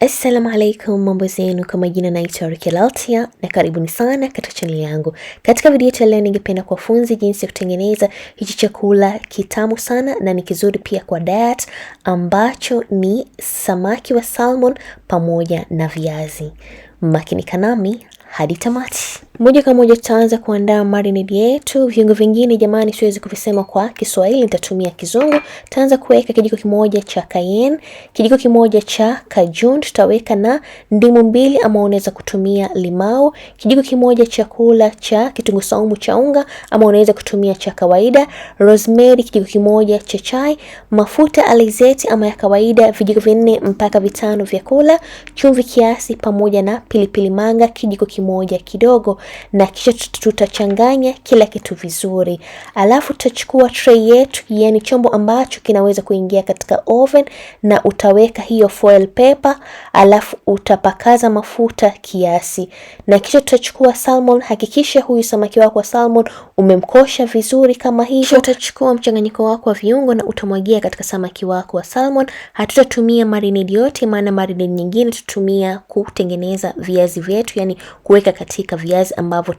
Assalamu alaikum, mambo zenu. Kwa majina naitwa Rukilaltia na karibuni sana katika chaneli yangu. Katika video yetu leo, ningependa kuwafunzi jinsi ya kutengeneza hichi chakula kitamu sana na ni kizuri pia kwa diet, ambacho ni samaki wa salmon pamoja na viazi. Makinika nami hadi tamati. Moja kwa moja tutaanza kuandaa marinade yetu. Viungo vingine jamani, siwezi kuvisema kwa Kiswahili, nitatumia Kizungu. Tutaanza kuweka kijiko kimoja cha cayenne, kijiko kimoja cha cajun, tutaweka na ndimu mbili, ama unaweza kutumia limau, kijiko kimoja chakula cha kitunguu saumu cha unga, ama unaweza kutumia cha kawaida, rosemary kijiko kimoja cha chai, mafuta alizeti ama ya kawaida vijiko vinne mpaka vitano vya kula, chumvi kiasi, pamoja na pilipili manga kijiko kimoja kidogo na kisha tutachanganya kila kitu vizuri, alafu tutachukua tray yetu, yani chombo ambacho kinaweza kuingia katika oven, na utaweka hiyo foil paper, alafu utapakaza mafuta kiasi, na kisha tutachukua salmon. Hakikisha huyu samaki wako wa salmon umemkosha vizuri kama hivyo. Utachukua mchanganyiko wako wa viungo na utamwagia katika samaki wako wa salmon. Hatutatumia marinade yote, maana marinade nyingine tutumia kutengeneza viazi vyetu, yani kuweka katika viazi ambavyo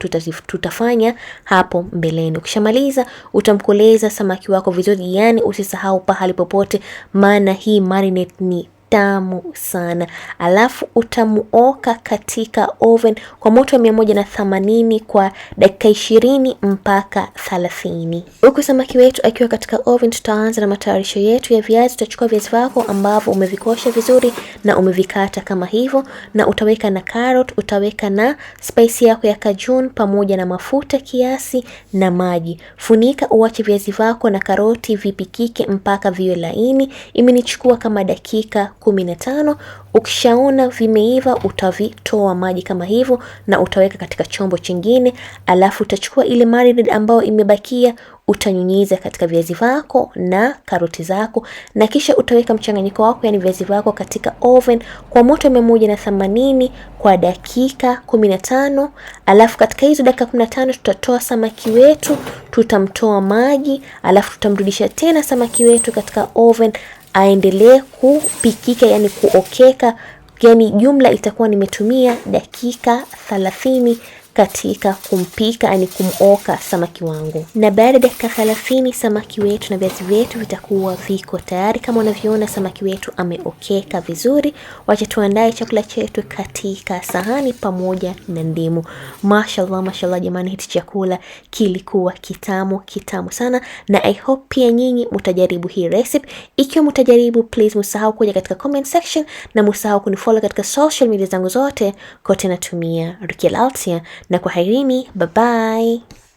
tutafanya hapo mbeleni. Ukishamaliza utamkoleza samaki wako vizuri, yani usisahau pahali popote, maana hii marinate ni tamu sana, alafu utamuoka katika oven kwa moto wa mia moja na themanini kwa dakika ishirini mpaka thelathini. Huku samaki wetu akiwa katika oven, tutaanza na matayarisho yetu ya viazi. Utachukua viazi vyako ambavyo umevikosha vizuri na umevikata kama hivyo, na utaweka na carrot, utaweka na spice yako ya cajun pamoja na mafuta kiasi na maji. Funika uache viazi vyako na karoti vipikike mpaka viwe laini. Imenichukua kama dakika kumi na tano. Ukishaona vimeiva utavitoa maji kama hivyo na utaweka katika chombo chingine, alafu utachukua ile marinade ambayo imebakia utanyunyiza katika viazi vyako na karoti zako, na kisha utaweka mchanganyiko wako, yani viazi vyako katika oven kwa moto mia moja na themanini kwa dakika kumi na tano. Alafu katika hizo dakika kumi na tano tutatoa samaki wetu, tutamtoa maji, alafu tutamrudisha tena samaki wetu katika oven aendelee kupikika, yani kuokeka, yani jumla itakuwa nimetumia dakika thalathini katika kumpika ani kumoka samaki wangu, na baada ya dakika thelathini samaki wetu na viazi vyetu vitakuwa viko tayari. Kama unavyoona samaki wetu ameokeka vizuri. Wacha tuandae chakula chetu katika sahani pamoja na ndimu. Mashallah, mashallah jamani, hichi chakula kilikuwa kitamu kitamu sana, na I hope pia nyinyi mtajaribu hii recipe. Ikiwa mtajaribu, please msahau kuja katika comment section na msahau kunifollow katika social media zangu zote, kote natumia Rukia Laltia na kwaherini, bye bye.